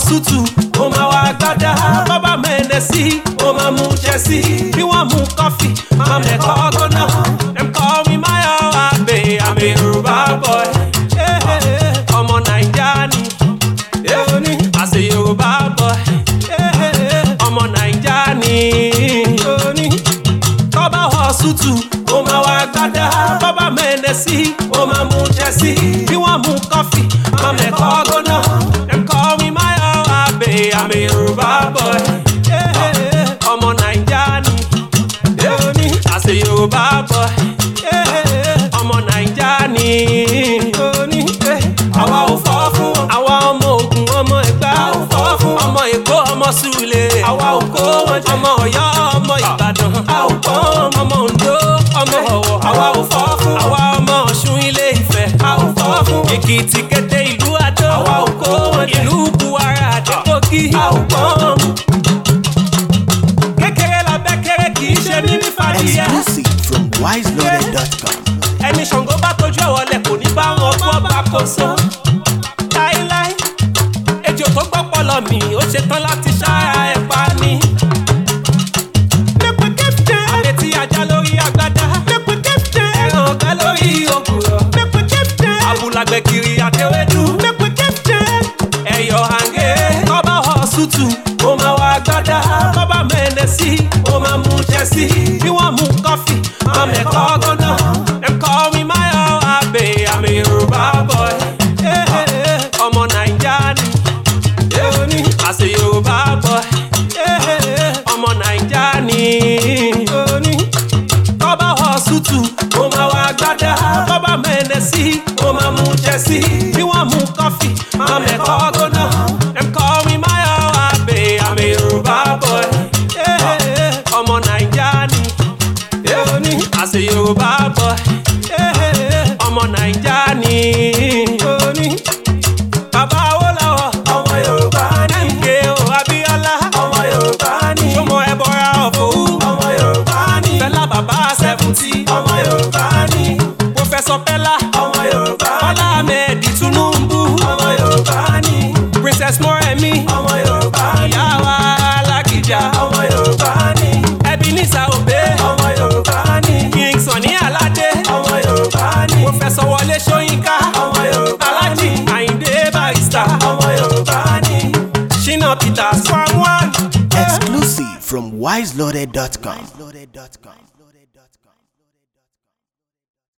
sútù ó máa wá gbádá bábà mẹ́ẹ̀dẹ̀ sí ó máa mú jẹ sí bí wọ́n mú kọfí máa mẹ́kọ́ gbóná dem call me my abe I'm a Yoruba boy ọmọ Naija ni èmi as a Yoruba boy ọmọ Naija ni tọ́ba wọ sútù ó máa wá gbádá bábà mẹ́ẹ̀dẹ̀ sí ó máa mú jẹ sí bí wọ́n mú kọfí máa mẹ́kọ́ gbóná. I'm a Yoruba boy. Ọmọ Naija ni èmi. As a Yoruba boy. Ọmọ Naija ni òní. Àwa ò fọ́ fún. Àwa ọmọ Ògùn ọmọ Ẹ̀gbá. Àwa ò fọ́ fún. Ọmọ Èkó ọmọ Súlè. Àwa ò kó wọn jẹ. Ọmọ Ọ̀yọ́ ọmọ Ìbàdàn. A ò pọ́n ọmọ Oǹdó. ọgbọ́n. kékeré lọ́bẹ̀ from wiseloaded.com. ẹni ṣàngó bá tójú ẹ̀wọ̀ lẹ̀ kò ní bá wọn gbọ́ mi ó ṣe tán láti ṣá ẹ̀ pa ni. lẹ́pẹ̀ kẹ́fìdẹ́. àbètí ajá lórí agbádá. lẹ́pẹ̀ kẹ́fìdẹ́. ẹ̀ràn tútù ó máa wá gbádá bábà mẹ́lẹ̀ sí ó máa mú jẹ sí bí wọ́n mú kọfí ọmọ ẹ̀kọ́ gbọ́dọ̀ ẹ̀kọ́ mi máa yọ abẹ àmì Yorùbá boy ọmọ Nàìjà ni èmi àṣẹ Yorùbá boy ọmọ Nàìjà ni kọ́bá wọ sútù ó máa wa gbádá bábà mẹ́lẹ̀ sí ó máa mú jẹ sí bí wọ́n mú kọfí ọmọ ẹ̀kọ́. as a Yorùbá boy. ọmọ Naija ni. bàbá Awólọ́wọ̀. ọmọ Yorùbá ni. MKO Abíọ́lá. ọmọ Yorùbá ni. Ṣómọ Ẹ̀bọra Òfòwú. ọmọ Yorùbá ni. Fẹlá bàbá sẹ́fùtì. ọmọ Yorùbá ni. Pòfẹ́sọ̀ Fẹlá. ọmọ Yorùbá ni. Bọ́lá Ahmed Tinubu. ọmọ Yorùbá ni. Princess Moremi, ọmọ Yorùbá ni. ìyá wa Alákìjà. ọmọ Yorùbá ni. Ebenezer Obey. ọmọ sanwo Ṣóyínká ọmọ Yorùbá Alhaji Àyìndé ọmọ Yorùbá ni one. exclusive from wiseloaded.com.